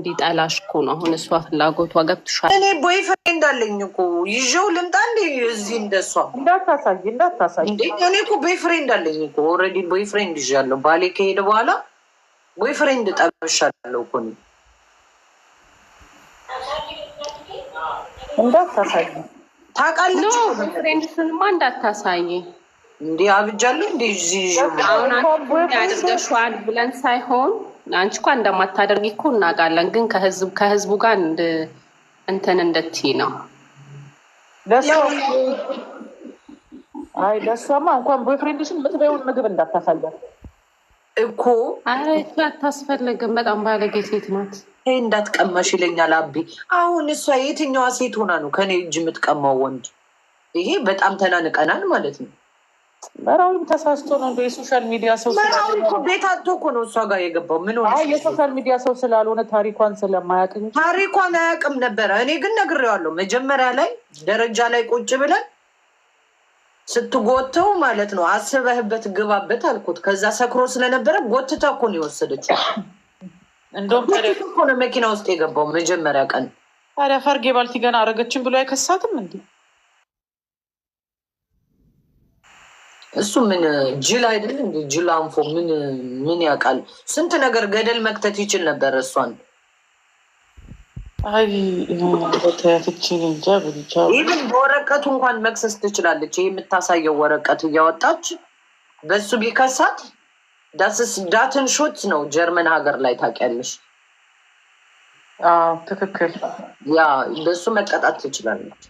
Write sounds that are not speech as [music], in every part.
እንዲጠላሽ እኮ ነው። አሁን እሷ ፍላጎቷ ገብትሻል። እኔ ቦይ ፍሬንድ አለኝ እኮ ይዤው ልምጣ እንዴ? እዚህ እንደሷ እንዳታሳይ እንዳታሳይ። እኔ እኮ ቦይ ፍሬንድ አለኝ እኮ ኦልሬዲ ቦይ ፍሬንድ ይዣለሁ። ባሌ ከሄደ በኋላ ቦይ ፍሬንድ ጠብሻለሁ እኮ እኔ እንዳታሳይ ታውቃለች። ቦይ ፍሬንድ ስንማ እንዳታሳይ እንዲህ አብጃለሁ እንዲህ አሁን አድርገሽዋል ብለን ሳይሆን አንቺ እንኳ እንደማታደርጊ እኮ እናውቃለን፣ ግን ከህዝቡ ጋር እንትን እንደት ነው አይ ለእሷማ እንኳን ቦይፍሬንድሽን ምትበውን ምግብ እንዳታሳያት እኮ። አይ አታስፈልግም። በጣም ባለጌ ሴት ናት። ይህ እንዳትቀመሽ ይለኛል አቤ። አሁን እሷ የትኛዋ ሴት ሆና ነው ከኔ እጅ የምትቀማው ወንድ? ይሄ በጣም ተናንቀናል ማለት ነው። መራዊም ተሳስቶ ነው እንደ የሶሻል ሚዲያ ሰው መራዊ እኮ ቤት አቶ እኮ ነው እሷ ጋር የገባው። ምን ሆነ የሶሻል ሚዲያ ሰው ስላልሆነ ታሪኳን ስለማያውቅ ታሪኳን አያውቅም ነበረ። እኔ ግን ነግሬዋለሁ። መጀመሪያ ላይ ደረጃ ላይ ቁጭ ብለን ስትጎተው ማለት ነው አስበህበት ግባበት አልኩት። ከዛ ሰክሮ ስለነበረ ጎትታ እኮ ነው የወሰደችው። እንደውም መኪና ውስጥ የገባው መጀመሪያ ቀን። ታዲያ ፈርጌ ባልቲ ገና አረገችን ብሎ አይከሳትም እንዴ? እሱ ምን ጅል አይደለም? ጅል አንፎ ምን ምን ያውቃል? ስንት ነገር ገደል መክተት ይችል ነበር። እሷን ይህን በወረቀቱ እንኳን መክሰስ ትችላለች። ይህ የምታሳየው ወረቀት እያወጣች በሱ ቢከሳት ዳስስ ዳትን ሾት ነው። ጀርመን ሀገር ላይ ታውቂያለሽ። ትክክል ያ በሱ መቀጣት ትችላለች።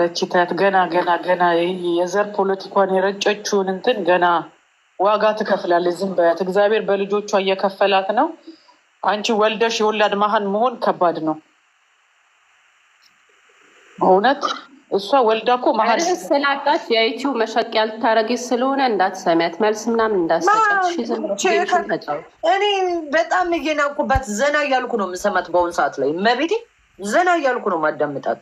ረችታት ገና ገና ገና የዘር ፖለቲኳን የረጨችውን እንትን ገና ዋጋ ትከፍላለች። ዝም በያት። እግዚአብሔር በልጆቿ እየከፈላት ነው። አንቺ ወልደሽ የወላድ መሀን መሆን ከባድ ነው በእውነት። እሷ ወልዳ እኮ መሀል ስላጣች የዩቲዩብ መሸቂያ ስለሆነ እንዳትሰሚያት፣ መልስ ምናምን እንዳትሰጫት። እኔ በጣም እየናቁባት ዘና እያልኩ ነው የምሰማት በአሁኑ ሰዓት ላይ መቤቴ፣ ዘና እያልኩ ነው ማዳምጣት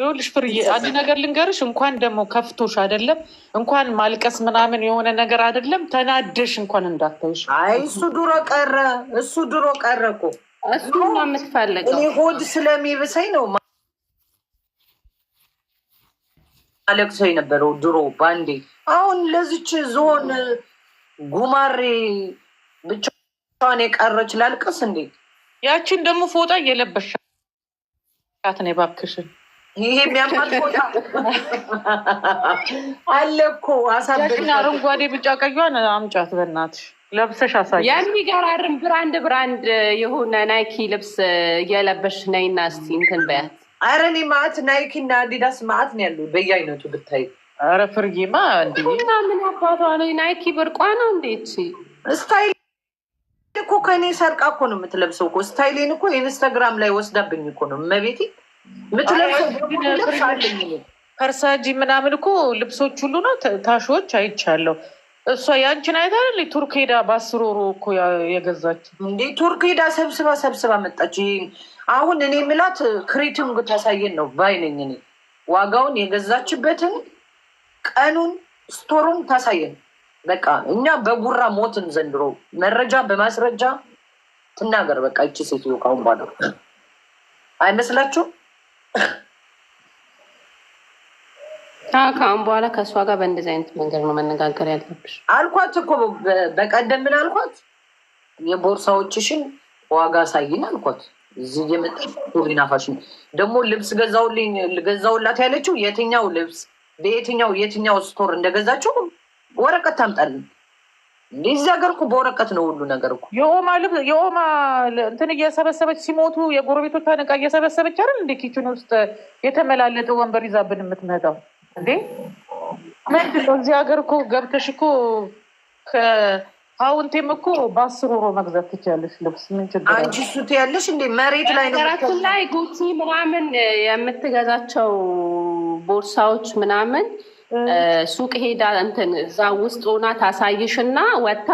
ይኸውልሽ ፍርዬ አንድ ነገር ልንገርሽ። እንኳን ደግሞ ከፍቶሽ አይደለም እንኳን ማልቀስ ምናምን የሆነ ነገር አይደለም። ተናደሽ እንኳን እንዳታይሽ። አይ እሱ ድሮ ቀረ፣ እሱ ድሮ ቀረ እኮ እሱ ነው የምትፈልገው። እኔ ሆድ ስለሚብሰኝ ነው ማለቅሰው የነበረው ድሮ ባንዴ። አሁን ለዚች ዞን ጉማሬ ብቻዋን የቀረች ላልቀስ እንዴ? ያችን ደግሞ ፎጣ እየለበሻት ነው የባክሽን ይሄ የሚያምር ቦታ አለ እኮ አሳበና አረንጓዴ፣ ብጫ ቀዩን አምጫት በናት ለብሰሽ አሳይ። የሚገራርም ብራንድ ብራንድ የሆነ ናይኪ ልብስ እየለበሽ ነይና እስኪ እንትን በያት። አረ እኔ ማዕት ናይኪ እና አዲዳስ ማት ነው ያለው በየአይነቱ ብታይ። አረ ፍርጌማ እንዴና ምን አባቷ ነው ናይኪ ብርቋ ነው እንዴት ስታይል እኮ ከእኔ ሰርቃ እኮ ነው የምትለብሰው እኮ ስታይሌን እኮ ኢንስታግራም ላይ ወስዳብኝ እኮ ነው መቤቴ ከርሳጂ ምናምን እኮ ልብሶች ሁሉ ነው ታሾች አይቻለሁ። እሷ ያንቺን አይታ ቱርክ ሄዳ በአስር ወሩ እኮ የገዛች እንዴ? ቱርክ ሄዳ ሰብስባ ሰብስባ መጣች። አሁን እኔ ምላት ክሬቲንግ ታሳየን ነው ባይነኝ። እኔ ዋጋውን የገዛችበትን ቀኑን ስቶሩን ታሳየን። በቃ እኛ በጉራ ሞትን ዘንድሮ። መረጃ በማስረጃ ትናገር። በቃ ይቺ ሴትዮ ካሁን ባለው አይመስላችሁም? ከአሁን በኋላ ከእሷ ጋር በእንደዚህ አይነት መንገድ ነው መነጋገር ያለብሽ። አልኳት እኮ በቀደም ምን አልኳት፣ የቦርሳዎችሽን ዋጋ ሳይን አልኳት። እዚህ እየመጣሽ ናፋሽን ደግሞ ልብስ ገዛውልኝ ገዛውላት ያለችው የትኛው ልብስ በየትኛው የትኛው ስቶር እንደገዛችው ወረቀት ታምጣልን። እዚህ ሀገር እኮ በወረቀት ነው ሁሉ ነገር እኮ። የኦማ የኦማ እንትን እየሰበሰበች ሲሞቱ የጎረቤቶቿን ዕቃ እየሰበሰበች አይደል እንደ ኪችን ውስጥ የተመላለጠ ወንበር ይዛብን የምትመጣው እንዴ? ምንድን ነው እዚህ ሀገር እኮ ገብተሽ እኮ ሀውንቴም እኮ በአስር ሮ መግዛት ትችያለሽ ልብስ። ምን ችግር አንቺ እሱ ትያለሽ እንዴ? መሬት ላይ ነገራችን ላይ ጉቺ ምናምን የምትገዛቸው ቦርሳዎች ምናምን ሱቅ ሄዳ እንትን እዛ ውስጥ ሆና ታሳይሽና ወታ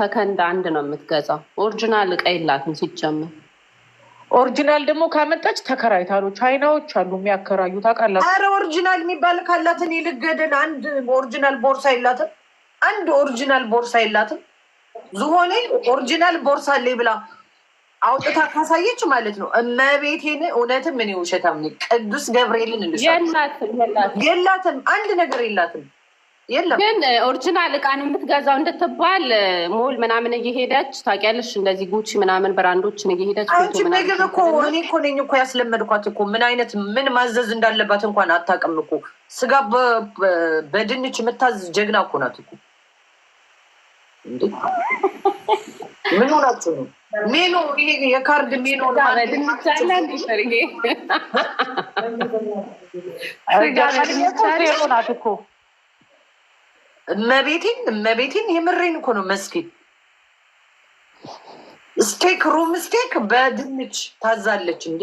ሰከንድ አንድ ነው የምትገዛው። ኦሪጂናል እቃ የላትም ሲጀምር። ኦሪጂናል ደግሞ ካመጣች ተከራይታሉ። ቻይናዎች አሉ የሚያከራዩ ታውቃላችሁ። አረ ኦሪጂናል የሚባል ካላትን ይልገደን። አንድ ኦሪጂናል ቦርሳ የላትም። አንድ ኦሪጂናል ቦርሳ የላትም። ዝሆኔ ኦሪጂናል ቦርሳ አለኝ ብላ አውጥታ ካሳየች ማለት ነው። እመቤቴን እውነትም እኔ ውሸታም ቅዱስ ገብርኤልን የላትም፣ አንድ ነገር የላትም። የለም ግን ኦሪጂናል እቃ የምትገዛው እንድትባል ሞል ምናምን እየሄደች ታውቂያለሽ፣ እንደዚህ ጉቺ ምናምን ብራንዶችን እየሄደች አንቺ ምግብ እኮ እኔ እኮ ነኝ እኮ ያስለመድኳት እኮ ምን አይነት ምን ማዘዝ እንዳለባት እንኳን አታውቅም እኮ። ስጋ በድንች የምታዝ ጀግና እኮ ናት እኮ። ምን ሆናችሁ ነው? ሜኖ ይሄ የካርድ ሜኖ ናት እኮ እመቤቴን እመቤቴን የምሬን እኮ ነው። መስኪ ስቴክ ሩም ስቴክ በድንች ታዛለች እንዴ!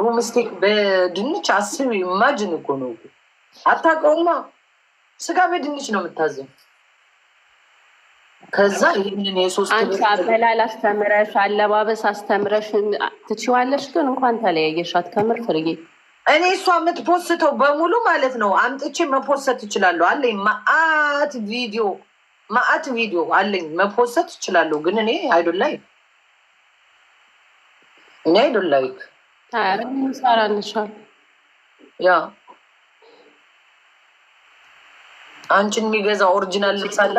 ሩም ስቴክ በድንች አስብ። ኢማጅን እኮ ነው። አታውቀውማ። ስጋ በድንች ነው የምታዘው። ከዛ ይህንን የሶስት አንቺ አበላል አስተምረሽ አለባበስ አስተምረሽ ትችዋለሽ። ግን እንኳን ተለያየሻት ከምር ፍርዬ። እኔ እሷ የምትፖስተው በሙሉ ማለት ነው አምጥቼ መፖሰት እችላለሁ አለኝ። ማአት ቪዲዮ ማአት ቪዲዮ አለኝ መፖሰት እችላለሁ። ግን እኔ አይዶላይ እኔ አይዶን ላይ ሰራንሻል ያ አንቺን የሚገዛ ኦሪጂናል ልብስ አለ።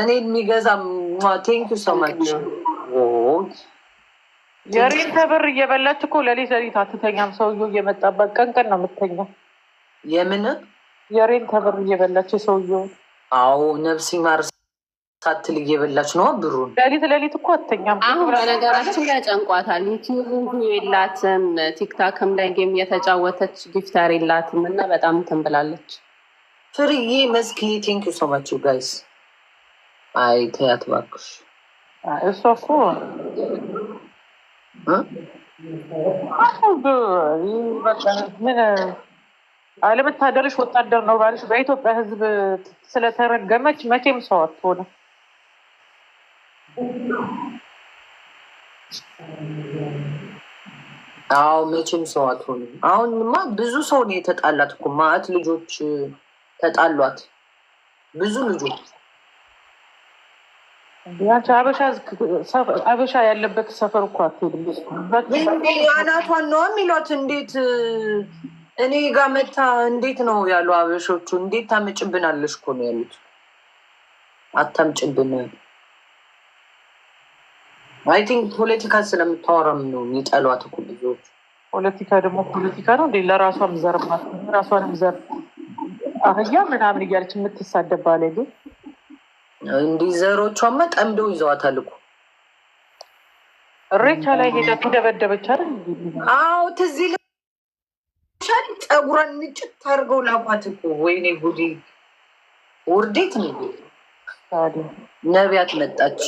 እኔ የሚገዛ ቴንኪ ሰማች። የሬንት ብር እየበላች እኮ ለሌት ለሌት አትተኛም። ሰውዬው እየመጣባት ቀን ቀን ነው የምትተኛው። የምን የሬንት ብር እየበላች ሰውዬው። አዎ ነብስ ይማር ሳትል እየበላች ነው ብሩን። ሌሊት ሌሊት እኮ አተኛም። አሁን በነገራችን ላይ ጨንቋታል። ዩቲዩብ የላትም፣ ቲክታክም ላይ ጌም እየተጫወተች ጊፍታር የላትም እና በጣም ትንብላለች። ፍርዬ መዝጊ ቴንክ ዩ ሶ ጋይስ። አይ ተያት እባክሽ። እሷ እኮ ምን አለመታደርሽ ወታደር ነው ባልሽ በኢትዮጵያ ሕዝብ ስለተረገመች መቼም ሰው አትሆንም። አዎ መቼም ሰው አትሆንም። አሁንማ ብዙ ሰው ነው የተጣላት እኮ ማዕት ልጆች ተጣሏት። ብዙ ልጆች አበሻ ያለበት ሰፈር እኮ አናቷን ነው የሚሏት። እንዴት እኔ ጋ መታ እንዴት ነው ያሉ አበሾቹ፣ እንዴት ታመጭብናለሽ እኮ ነው ያሉት። አታምጭብን አይ ቲንክ ፖለቲካ ስለምታወራም ነው የሚጠሏት እኮ ብዙዎች። ፖለቲካ ደግሞ ፖለቲካ ነው እንዴ? ለራሷም ዘርባት ራሷንም ዘር አህያ ምናምን እያለች የምትሳደባ ላይ ግን እንዲህ ዘሮቿማ ጠምደው ይዘዋታል እኮ እሬቻ ላይ ሄዳ ደበደበች አይደል? አዎ ትዝ ይልሻል። ፀጉሯን ንጭት አድርገው ላኳት እኮ ወይኔ ጉዴ! ውርዴት ነው ነቢያት መጣች።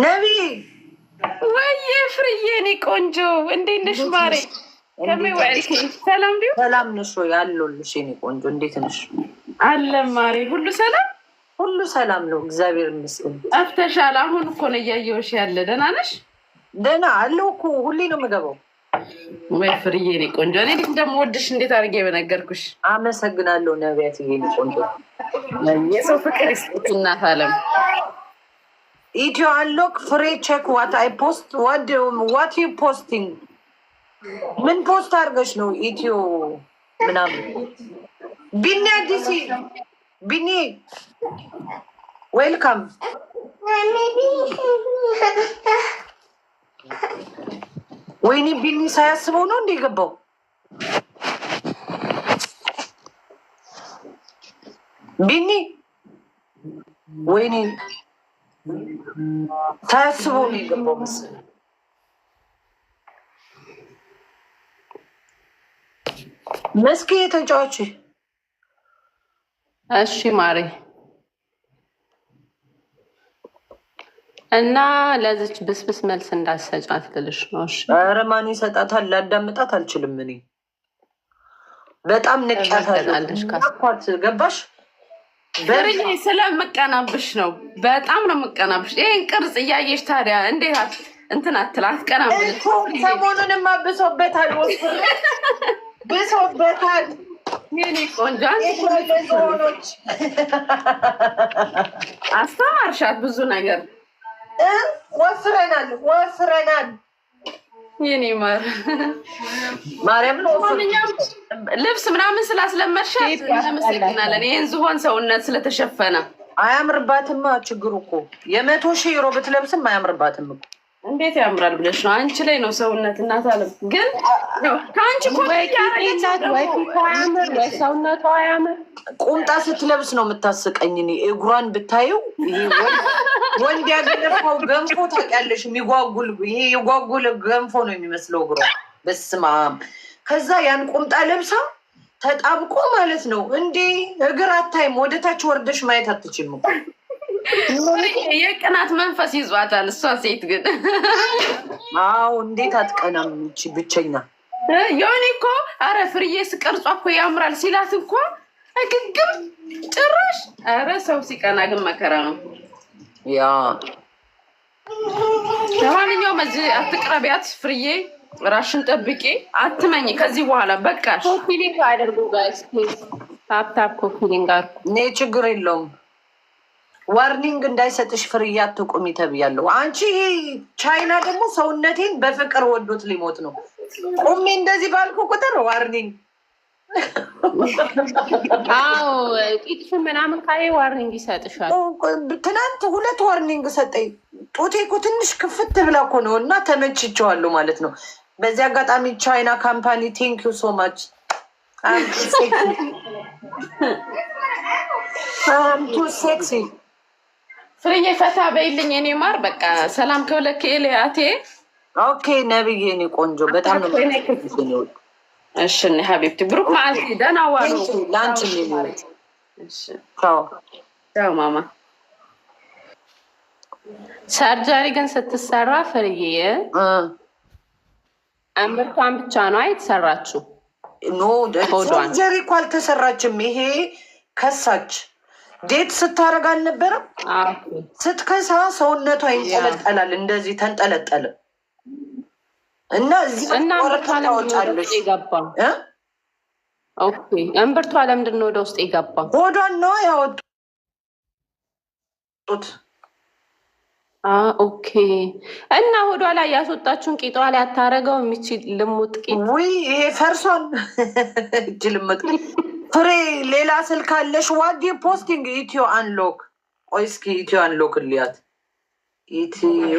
ነቢ ወይ ፍርዬ፣ እኔ ቆንጆ እንዴት ነሽ ማሬ? ሰላም ዲሁ ሰላም ነሽ ወይ አለሁልሽ። እኔ ቆንጆ እንዴት ነሽ? አለ ማሬ፣ ሁሉ ሰላም ሁሉ ሰላም ነው፣ እግዚአብሔር ይመስገን። ጠፍተሻል። አሁን እኮ ነው እያየሁሽ ያለ። ደህና ነሽ? ደህና አለሁ እኮ ሁሌ ነው የምገባው። ወይ ፍርዬ፣ እኔ ቆንጆ እኔ እንደምወድሽ እንዴት አድርጌ በነገርኩሽ። አመሰግናለሁ ነቢያት፣ እኔ ቆንጆ የሰው ፍቅር ይስጥሽ እናት አለም ኢትዮ አሎክ ፍሬ ቼክ ዋት አይ ፖስት ዋት ዩ ፖስቲንግ ምን ፖስት አድርገሽ ነው ኢትዮ ምናምን ቢኒ አዲስ ቢኒ ዌልካም ወይኔ ቢኒ ሳያስበው ነው እንደ የገባው ቢኒ ወይኔ ታስቦ ነው የገባው መሰለኝ። መስኪ ተጫዋች። እሺ ማሬ እና ለዚች ብስብስ መልስ እንዳሰጫት ልልሽ ነው። ኧረ ማን ይሰጣታል? ላዳምጣት አልችልም እኔ በጣም ንቅያታለሁ። ገባሽ ዘርዬ ስለምቀናብሽ ነው። በጣም ነው የምቀናብሽ። ይህን ቅርጽ እያየሽ ታዲያ እንዴት እንትን አትላት ቀናብል። ሰሞኑንማ ብሶበታል፣ ብሶበታል። የእኔ ቆንጆ አስተማርሻት ብዙ ነገር። ወፍረናል፣ ወፍረናል የኔ ማር ማርያም ልብስ ምናምን ስላስለመድሻት እናመሰግናለን። ይህን ዝሆን ሰውነት ስለተሸፈነ አያምርባትም። ችግሩ እኮ የመቶ ሺህ ዩሮ ብትለብስም አያምርባትም እኮ እንዴት ያምራል ብለሽ ነው? አንቺ ላይ ነው ሰውነት። እናት አለም ግን ከአንቺ ሰውነቷ አያምር። ቁምጣ ስትለብስ ነው የምታስቀኝ። እኔ እግሯን ብታየው ወንድ [laughs] ያገነፋው ገንፎ ታውቂያለሽ? የሚጓጉል ይሄ የጓጉል ገንፎ ነው የሚመስለው እግሯ። በስመ አብ። ከዛ ያን ቁምጣ ለብሳ ተጣብቆ ማለት ነው እንዴ! እግር አታይም። ወደታች ወርደሽ ማየት አትችልም። የቅናት መንፈስ ይዟታል። እሷ ሴት ግን አዎ፣ እንዴት አትቀናም? ይቺ ብቸኛ የሆነ እኮ አረ ፍርዬስ ቅርጿ እኮ ያምራል ሲላት እንኳ ግግም ጭራሽ። አረ ሰው ሲቀና ግን መከራ ነው። ያ ለማንኛውም እዚህ አትቅረቢያት ፍርዬ፣ ራሽን ጠብቂ፣ አትመኝ ከዚህ በኋላ በቃሽ። ኮፊሊንግ አደርጉ ጋይስ፣ ታፕ ታፕ ኮፒሊንግ አድርጉ። እኔ ችግር የለውም ዋርኒንግ እንዳይሰጥሽ ፍርያት ትቁሚ ተብያለሁ። አንቺ ቻይና ደግሞ ሰውነቴን በፍቅር ወዶት ሊሞት ነው። ቁሚ እንደዚህ ባልኩ ቁጥር ዋርኒንግ። አዎ ቂጥሽ ምናምን ካ ዋርኒንግ ይሰጥሻል። ትናንት ሁለት ዋርኒንግ ሰጠኝ። ጡቴ እኮ ትንሽ ክፍት ብላ እኮ ነው እና ተመችቸዋሉ ማለት ነው። በዚህ አጋጣሚ ቻይና ካምፓኒ ቴንክ ዩ ሶ ማች ቱ ሴክሲ ፍሬዬ ፈታ በይልኝ የኔ ማር። በቃ ሰላም ከብለክ ኤልያቴ። ኦኬ ነብዬ፣ እኔ ቆንጆ በጣም ነው። እሺ እኔ ሀቢብቲ ብሩክ መዓልቲ ደህና ዋሉ። ለአንቺ ቻው ማማ። ሰርጀሪ ግን ስትሰራ ፍርዬ እምብርቷን ብቻ ነው የተሰራችው? ኖ ሰርጀሪ እኮ አልተሰራችም። ይሄ ከሳች ዴት ስታደርግ አልነበረም? ስትከሳ ሰውነቷ ይንጠለጠላል። እንደዚህ ተንጠለጠለ እና እዚህ ታወጫለች። እምብርቷ ለምንድን ነው ወደ ውስጥ የገባ? ሆዷን ነው ያወጡት። ኦኬ እና ሆዷ ላይ ያስወጣችሁን ቂጧ ላይ አታረገው የሚችል ልሙጥ ቂጥ። ይሄ ፈርሷን እጅ ልሙጥ ፍሬ ሌላ ስልክ አለሽ? ዋዴ ፖስቲንግ ኢትዮ አንሎክ። ቆይ እስኪ ኢትዮ አንሎክ ልያት ኢትዮ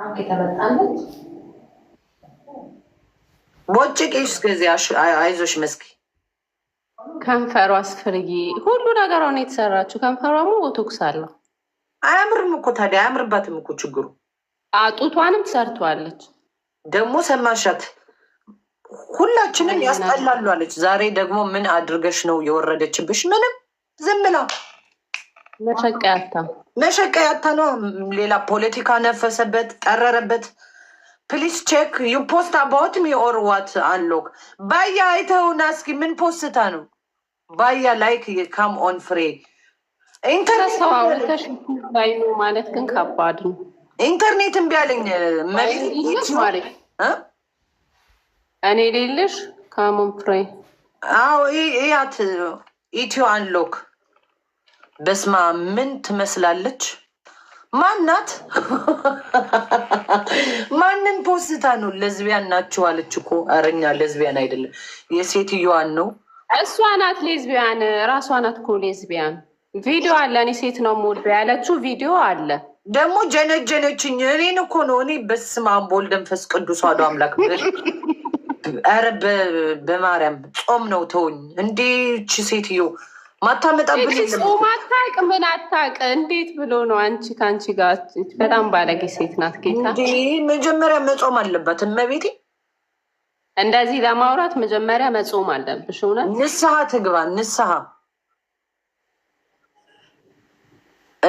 ቦጭ ቦጭቄሽ እስከዚያ አይዞሽ መስኪ ከንፈሯ አስፍርዬ ሁሉ ነገሯን የተሰራችው ከንፈሯ ሙ ቦቶክስ አለው። አያምርም እኮ ታዲያ አያምርባትም እኮ ችግሩ። አጡቷንም ትሰርተዋለች ደግሞ ሰማሻት ሁላችንም ያስጠላሉ አለች። ዛሬ ደግሞ ምን አድርገሽ ነው የወረደችብሽ? ምንም ዝም ብላ መሸቀ ያታ ነው። ሌላ ፖለቲካ ነፈሰበት፣ ጠረረበት። ፕሊስ ቼክ ዩ ፖስት አባውት ሚ ኦር ዋት አንሎክ ባያ አይተውና እስኪ ምን ፖስታ ነው ባያ ላይክ ካም ኦን ፍሬ ኢንተርኔትሰውተሽኑ ማለት ግን ከባድ ነው። ኢንተርኔት እምቢ አለኝ እኔ ሌለሽ ካሞን ፍሬ አዎ፣ እያት ኢትዮ አንሎክ። በስማ ምን ትመስላለች? ማናት? [laughs] ማንን ፖስታ ነው? ለዝቢያን ናችሁ አለች እኮ። ኧረ እኛ ለዝቢያን አይደለም፣ የሴትዮዋን ነው። እሷ ናት ሌዝቢያን፣ ራሷ ናት እኮ ሌዝቢያን። ቪዲዮ አለ። እኔ ሴት ነው የምወልደው ያለችው ቪዲዮ አለ። ደግሞ ጀነጀነችኝ። እኔን እኮ ነው። እኔ በስመ አብ ወወልድ ወመንፈስ ቅዱስ አሐዱ አምላክ ኧረ በማርያም ጾም ነው ተውኝ። እንዴች ሴትዮ ማታመጣብን አታውቅ ምን አታውቅ። እንዴት ብሎ ነው አንቺ ከአንቺ ጋር በጣም ባለጌ ሴት ናት። ጌታ መጀመሪያ መጾም አለባት እመቤቴ። እንደዚህ ለማውራት መጀመሪያ መጾም አለብሽ። እውነት ንስሐ ትግባ ንስሐ።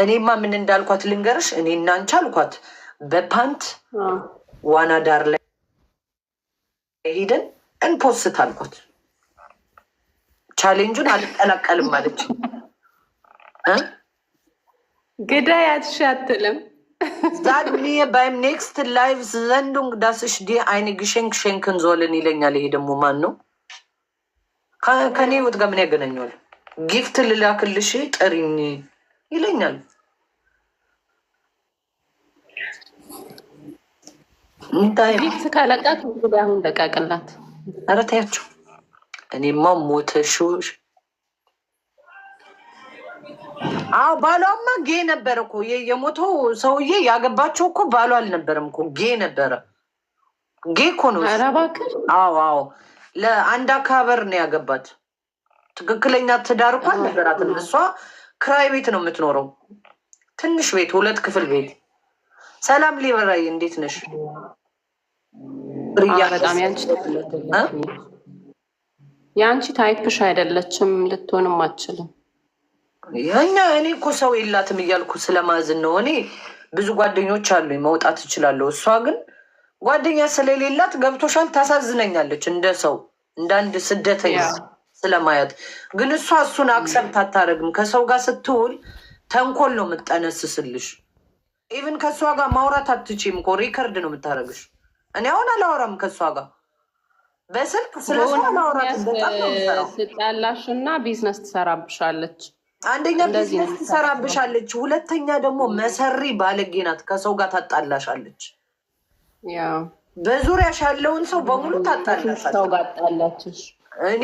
እኔማ ምን እንዳልኳት ልንገርሽ። እኔ እናንቺ አልኳት በፓንት ዋና ዳር ላይ ሄደን እንፖስት አልኳት። ቻሌንጁን አልቀላቀልም አለች። ግዳይ አትሻትልም ዛድሜ ባይም ኔክስት ላይቭ ዘንዱን ዳስሽ ዲ አይን ግሸንክ ሸንክን ዞልን ይለኛል። ይሄ ደግሞ ማን ነው? ከኔ ህይወት ጋር ምን ያገናኘዋል? ጊፍት ልላክልሽ ጥሪኝ ይለኛል። ቢክስ እንግዲህ አሁን ኧረ ተያቸው። እኔማ አዎ ባሏማ ጌ ነበረ እኮ የሞተው ሰውዬ። ያገባቸው እኮ ባሏ አልነበረም እኮ ጌ ነበረ። ጌ እኮ ነው። ኧረ አዎ አዎ፣ ለአንድ አካበር ነው ያገባት። ትክክለኛ ትዳር እኮ አልነበራትም። እሷ ክራይ ቤት ነው የምትኖረው፣ ትንሽ ቤት፣ ሁለት ክፍል ቤት። ሰላም ሊበራይ፣ እንዴት ነሽ? ያንቺ የአንቺ ታይፕሽ አይደለችም፣ ልትሆንም አችልም። ያኛ እኔ እኮ ሰው የላትም እያልኩ ስለማዝን ነው። እኔ ብዙ ጓደኞች አሉኝ፣ መውጣት እችላለሁ። እሷ ግን ጓደኛ ስለሌላት ገብቶሻል፣ ታሳዝነኛለች። እንደ ሰው እንደ አንድ ስደተኛ ስለማያት ግን እሷ እሱን አክሰብት አታደርግም። ከሰው ጋር ስትውል ተንኮል ነው የምጠነስስልሽ። ኢቭን ከእሷ ጋር ማውራት አትችም እኮ ሪከርድ ነው የምታደርግሽ። እኔ አሁን አላወራም ከእሷ ጋር በስልክ ስለሰው አላወራትም። በጣም ነው ስጣላሽ እና ቢዝነስ ትሰራብሻለች። አንደኛ ቢዝነስ ትሰራብሻለች፣ ሁለተኛ ደግሞ መሰሪ ባለጌ ናት። ከሰው ጋር ታጣላሻለች። በዙሪያሽ ያለውን ሰው በሙሉ ታጣላሻለች። እኔ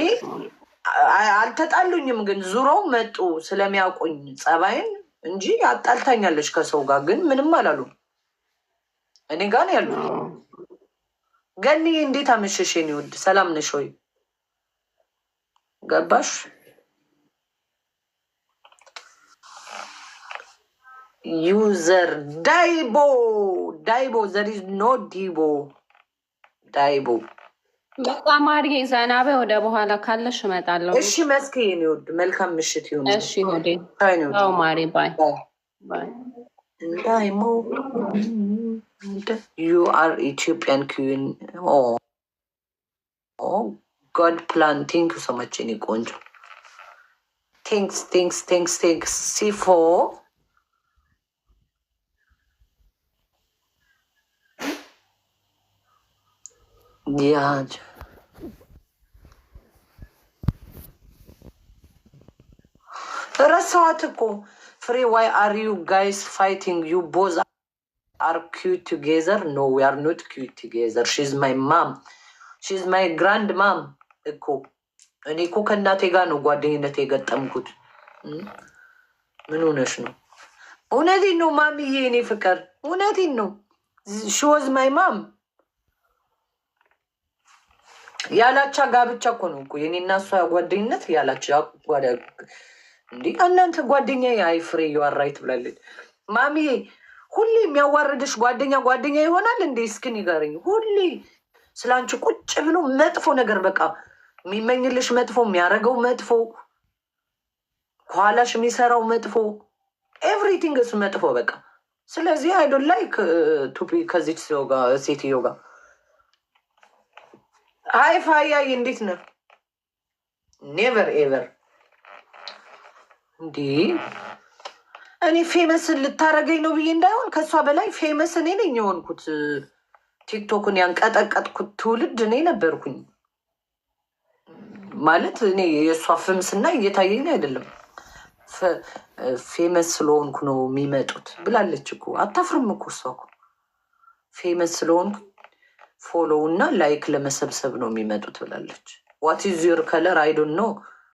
አልተጣሉኝም፣ ግን ዙረው መጡ ስለሚያውቁኝ ጸባይን እንጂ አጣልታኛለች ከሰው ጋር ግን ምንም አላሉ እኔ ጋር ያሉ ገኒ እንዴት አመሸሽ? የኔ ውድ ሰላም ነሽ ወይ? ገባሽ? ዩዘር ዳይቦ ዳይቦ ዘር ዘሪዝ ኖ ዲቦ ዳይቦ በጣም አድርጌ ዘና በይ። ወደ በኋላ ካለሽ እመጣለሁ። እሺ መስኪ የኔ ውድ መልካም ምሽት ይሁን። እሺ ሆዴ ማሪ ባይ ባይ እንዳይሞ And you are Ethiopian queen. Oh, oh, God plan. Thank you so much, Enigonjo. Thanks, thanks, thanks, thanks. C4. Yeah. That's Free, why are you guys fighting? You both አር ኪዩት ቱጌዘር ኖ ዊ አር ኖት ኪዩት ቱጌዘር ሺዝ ማይ ማም ሺዝ ማይ ግራንድ ማም እኮ እኔ እኮ ከእናቴ ጋር ነው ጓደኝነት የገጠምኩት። ምን ሆነሽ ነው? እውነቴን ነው ማሚዬ እኔ ፍቅር እውነቴን ነው። ሽወዝ ማይ ማም ያላቻ ጋብቻ እኮ ነው እኮ የኔ እና እሷ ጓደኝነት ያላቻ እንዲህ እናንተ ጓደኛ የአይፍሬ የዋራይት ብላለች ማምዬ ሁሌ የሚያዋርድሽ ጓደኛ ጓደኛ ይሆናል እንዴ? እስኪ ንገረኝ። ሁሌ ስለ አንቺ ቁጭ ብሎ መጥፎ ነገር በቃ የሚመኝልሽ መጥፎ፣ የሚያደርገው መጥፎ፣ ከኋላሽ የሚሰራው መጥፎ፣ ኤቭሪቲንግ እሱ መጥፎ በቃ። ስለዚህ አይዶን ላይክ ቱፒ ከዚች ሴትዮ ጋር አይ ፋያ እንዴት ነው? ኔቨር ኤቨር እንዲህ እኔ ፌመስን ልታረገኝ ነው ብዬ እንዳይሆን ከእሷ በላይ ፌመስ እኔ ነኝ የሆንኩት። ቲክቶክን ያንቀጠቀጥኩት ትውልድ እኔ ነበርኩኝ። ማለት እኔ የእሷ ፍምስና እየታየኝ አይደለም፣ ፌመስ ስለሆንኩ ነው የሚመጡት ብላለች እኮ። አታፍርም እኮ እሷ እኮ ፌመስ ስለሆንኩ ፎሎው እና ላይክ ለመሰብሰብ ነው የሚመጡት ብላለች። ዋት ኢዝ ዩር ከለር አይዶን ነው